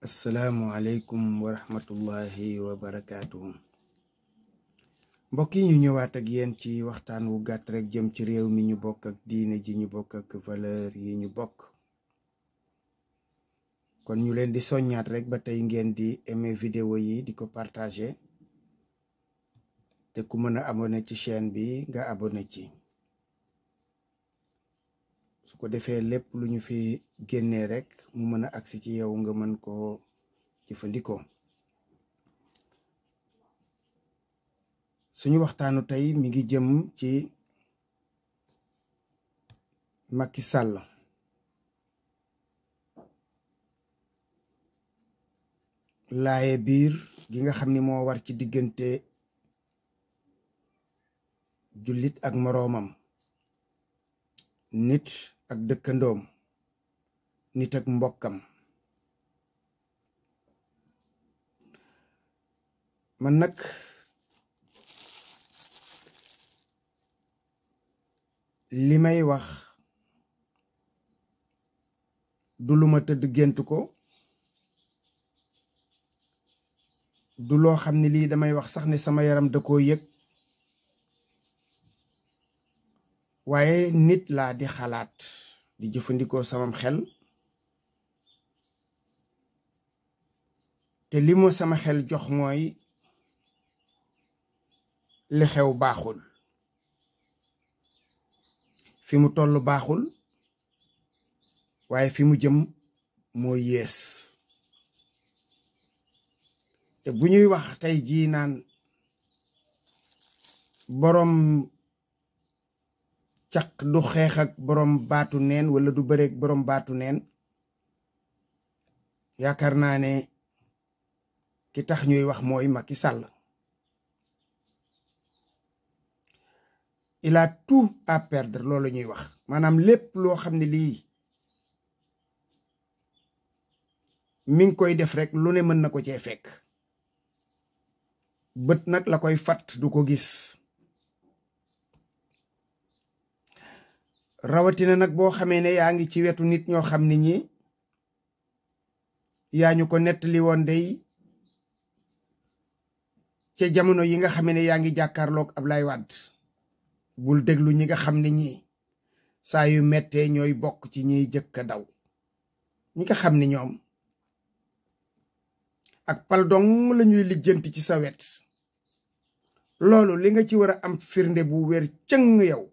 asalaamualeykum wa rahmatullahi wa barakaatuhu mbokk yi ñu ñëwaat ak yéen ci waxtaan wu gàtt rek jëm ci réew mi ñu bokk ak diine ji ñu bokk ak valeur yi ñu bokk kon ñu leen di soññaat rekk ba tey ngeen di aimer vidéo yi di ko partage te ku mën a abonné ci chaîne bi nga abonné ci su ko defee lépp lu ñu fi génnee rek mu mën a agsi ci yow nga mën koo jëfandikoo suñu waxtaanu tey mi ngi jëm ci makki sàll laaye biir gi nga xam ni moo war ci diggante jullit ak moroomam nit ak dëkkandoom nit ak mbokkam man nag li may wax du lu ma tëdd gént ko du loo xam ne lii damay wax sax ne sama yaram da koo yëg waaye nit laa di xalaat di jëfandikoo sama xel te li ma sama xel jox mooy li xew baaxul fi mu toll baaxul waaye fi mu jëm moo yées te bu ñuy wax tey jii naan boroom caq du xeex ak borom baatu neen wala du bëreeg borom baatu neen yaakaar naa ne ki tax ñuy wax mooy Macky Sall il a tout à perdre loolu ñuy wax maanaam lépp loo xam ne lii mi ngi koy def rek lu ne mën na ko cee fekk bët nag la koy fat du ko gis rawatina nag boo xamee ne yaa ngi ci wetu nit ñoo xam ne ñi yaa ñu ko nettali woon day ca jamono yi nga xamee ne yaa ngi ab lay Wade bul déglu ñi nga xam ne ñi saa yu mettee ñooy bokk ci ñiy jëkk a daw ñi nga xam ni ñoom ak pal dong la ñuy ci sa wet loolu li nga ci war a am firnde bu wér cëng yow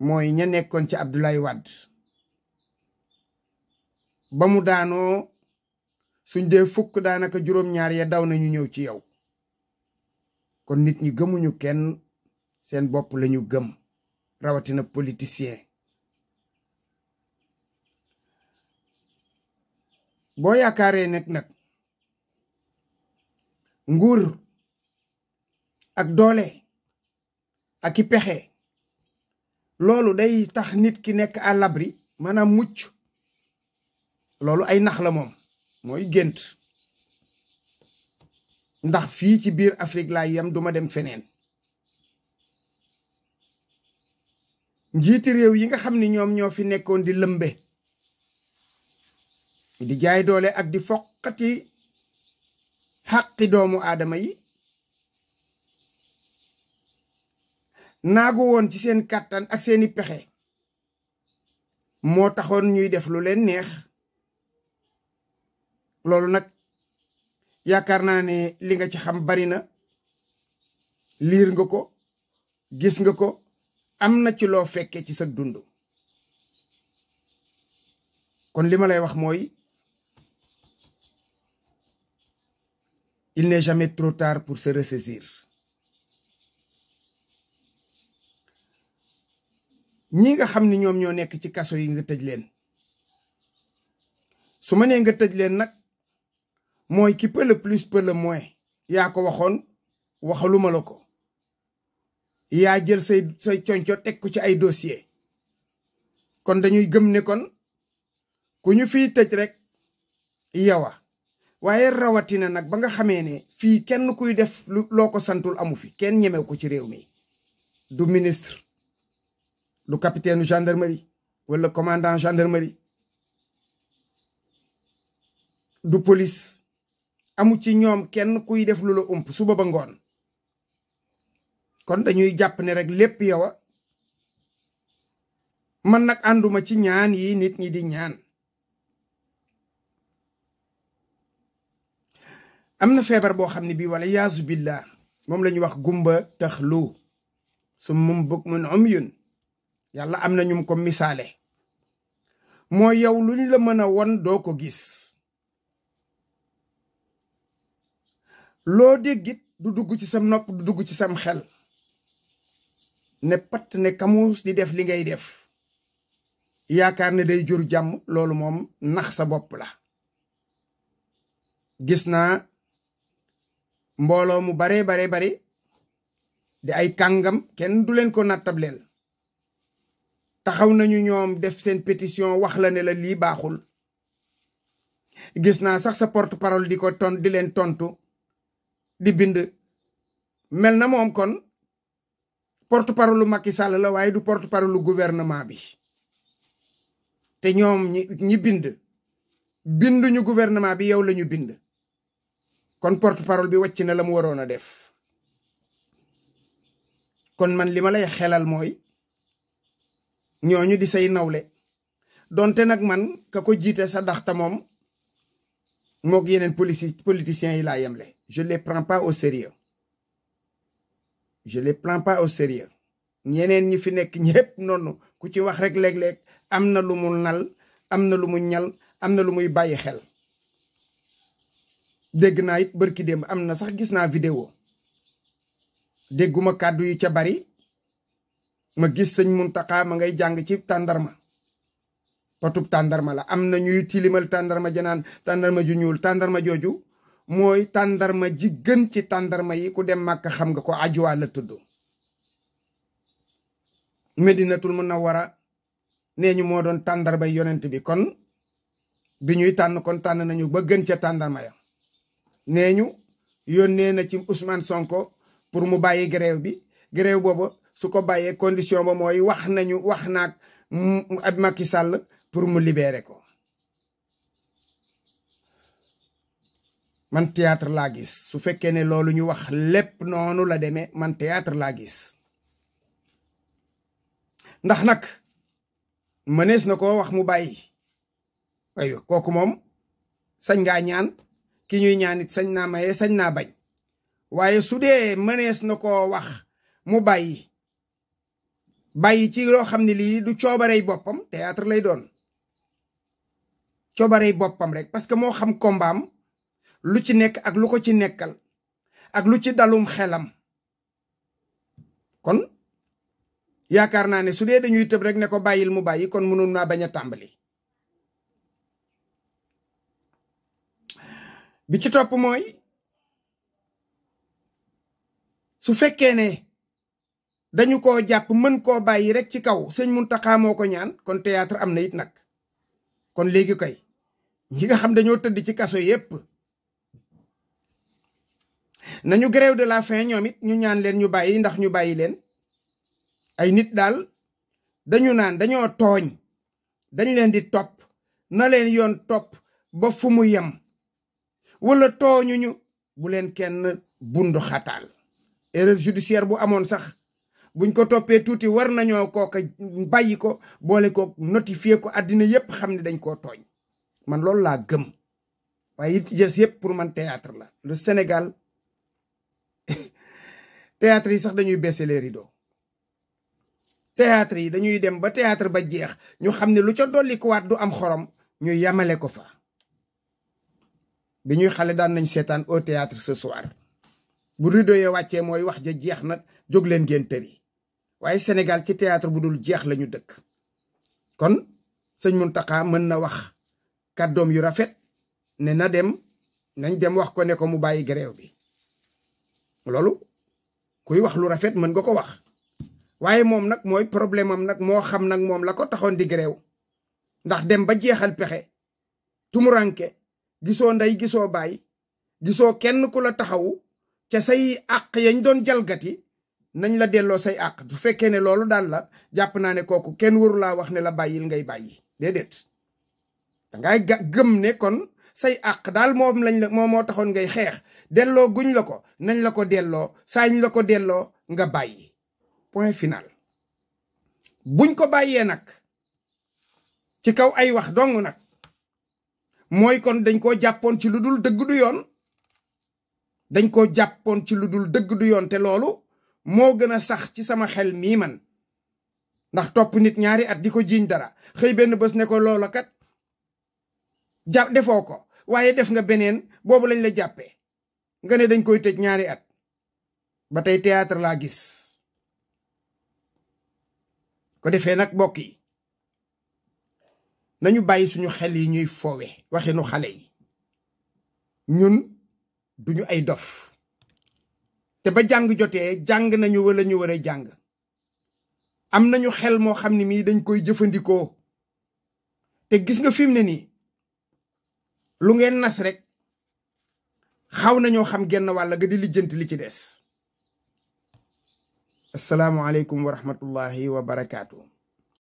mooy ña nekkoon ci Abdoulaye Wade ba mu daanoo suñ dee fukk daanaka juróom-ñaar ya daw nañu ñëw ci yow kon nit ñi gëmuñu kenn seen bopp lañu gëm rawatina politicien boo yaakaaree nekk nag nguur ak doole ak i pexe loolu day tax nit ki nekk à l'abri maanaam mucc loolu ay nax la moom mooy gént ndax fii ci biir Afrique laa yam duma dem feneen njiiti réew yi nga xam ni ñoom ñoo fi nekkoon di lëmbe di jaay doole ak di foqati xaqi doomu aadama yi naagu woon ci seen kàttan ak seeni pexe moo taxoon ñuy def lu leen neex loolu nag yaakaar naa ne li nga ci xam bari na liir nga ko gis nga ko am na ci loo fekke ci sag dund kon li ma lay wax mooy il ne jamais trop tard pour se ressaisir ñi nga xam ni ñoom ñoo nekk ci kaso yi nga tëj leen su ma nga tëj leen nag mooy qui peut le plus peut le moins yaa ko waxoon waxaluma la ko yaa jël sa say conco teg ko ci ay dossier kon dañuy gëm ne kon ku ñu fi tëj rek yawa waaye rawatina nag ba nga xamee ne fii kenn kuy def loo ko santul amu fi kenn ñemew ko ci réew mi du ministre du capitaine gendarmerie wala commandant gendarmerie du police amu ci ñoom kenn kuy def lu la ump suba ba ngoon kon dañuy jàpp ne rek lépp yow man nag ànduma ci ñaan yi nit ñi di ñaan am na feebar boo xam ne bii walla yaasu billah moom la ñu wax gumba tax lu su mum bug mun um yun yàlla am na ñum ko misaale mooy yow luñ la mën a won doo ko gis loo déggit du dugg ci sam nopp du dugg ci sam xel ne pat ne kamuus di def li ngay def yaakaar ne day jur jàmm loolu moom nax sa bopp la gis naa mbooloo mu bare bare bare di ay kàngam kenn du leen ko nattableel taxaw nañu ñoom def seen pétition wax la ne la lii baaxul gis naa sax sa porte parole di ko ton di leen tontu di bind mel na moom kon porte parole lu Macky Sall la waaye du porte parole lu gouvernement bi te ñoom ñi bind binduñu gouvernement bi yow lañu bind kon porte parole bi wàcc na la mu waroon a def kon man li ma lay xelal mooy ñooñu di say nawle donte nag man ka ko jiite sa daxta moom moog yeneen polici politiciens yi laa yemle je les prends pas au sérieux je les prends pas au sérieux ñeneen ñi fi nekk ñëpp nonu ku ci wax rek léeg-léeg am na lu mu nal am na lu mu ñal am na lu muy bàyyi xel dégg naa it am na sax gis naa vidéo dégguma kàddu yi ca bari ma gis sëñ Muntaxa ma ngay jàng ci tàndarma potub tàndarma la am na ñuy tilimal tàndarma janaan tàndarma ju ñuul tàndarma jooju mooy tàndarma ji gën ci tàndarma yi ku dem màkk xam nga ko ajuwa la tudd na munawwara nee ñu moo doon tàndarbay yonent bi kon bi ñuy tànn kon tànn nañu ba gën ca tàndarma ya nee ñu yónnee na ci Ousmane Sonko pour mu bàyyi grève bi grève booba su ko bàyyee condition ba mooy wax nañu wax naag ab Macky Sall pour mu libérer ko man théâtre laa gis su fekkee ne loolu ñu wax lépp noonu la deme man théâtre laa gis ndax nag mënees na ko wax mu bàyyi ay kooku moom sañ ngaa ñaan ki ñuy ñaanit sañ naa maye sañ naa bañ waaye su dee mënees na ko wax mu bàyyi bàyyi ci loo xam ne lii du coobarey boppam théâtre lay doon coobarey boppam rek parce que moo xam kombaam lu ci nekk ak lu ko ci nekkal ak lu ci dalum xelam kon yaakaar naa ne su dee dañuy tëb rek ne ko bàyyil mu bàyyi kon mënoon naa bañ a tàmbali bi ci topp mooy su fekkee ne dañu ko jàpp mën koo bàyyi rek ci kaw sëñ mun moo ko ñaan kon théâtre am na it nag kon léegi koy ñi nga xam dañoo tëdd ci kaso yépp nañu grève de la fin ñoomit ñu ñaan leen ñu bàyyi ndax ñu bàyyi leen ay nit daal dañu naan dañoo tooñ dañ leen di topp na leen yoon topp ba fu mu yem wala ñu bu leen kenn bundu xataal erreur judiciaire bu amoon sax buñ ko toppee tuuti war nañoo kooka bàyyi ko boole ko notifié ko àddina yépp xam ne dañ koo tooñ man loolu laa gëm waaye it jës yépp pour man théâtre la le Sénégal théâtre yi sax dañuy baisser les rideaux théâtre yi dañuy dem ba théâtre ba jeex ñu xam ne lu ca dolli kuwaat du am xorom ñu yamale ko fa bi ñuy xale daan nañ seetaan au théâtre ce bu rideau ya wàccee mooy wax ja jeex na jóg leen ngeen tëri waaye Sénégal ci théâtre bu dul jeex lañu dëkk kon sëñ Mountakha mën na wax kàddoom yu rafet ne na dem nañ dem wax ko ne ko mu bàyyi grève bi loolu kuy wax lu rafet mën nga ko wax waaye moom nag mooy problème am nag moo xam nag moom la ko taxoon di grève ndax dem ba jeexal pexe tumuranke gisoo nday gisoo baay gisoo kenn ku la taxaw ca say àq yañ doon jalgati nañ la delloo say àq bu fekkee ne loolu daal la jàpp naa ne kooku kenn waru laa wax ne la bàyyil ngay bàyyi déedéet dangay gëm ne kon say àq daal moom lañ la moom moo taxoon ngay xeex delloo guñ la ko nañ la ko delloo saañ la ko delloo nga bàyyi point final buñ ko bàyyee nag ci kaw ay wax dong nag mooy kon dañ koo jàppoon ci lu dul dëgg du yoon dañ koo jàppoon ci lu dul dëgg du yoon te loolu moo gën a sax ci sama xel mii man ndax topp nit ñaari at di ko jiiñ dara xëy benn bés ne ko loola kat defoo ko waaye def nga beneen boobu lañ la jàppee nga ne dañ koy tëj ñaari at ba tey théâtre laa gis ko defee nag mbokk yi nañu bàyyi suñu xel yi ñuy foowe waxinu xale yi ñun duñu ay dof te ba jàng jotee jàng nañu wala ñu war a jàng am nañu xel moo xam ne mii dañ koy jëfandikoo te gis nga fi mu ne nii lu ngeen nas rek xaw na ñoo xam genn wàll ga di lijjanti li ci des asalaamualeykum wa rahmatullahi wa barakaatu.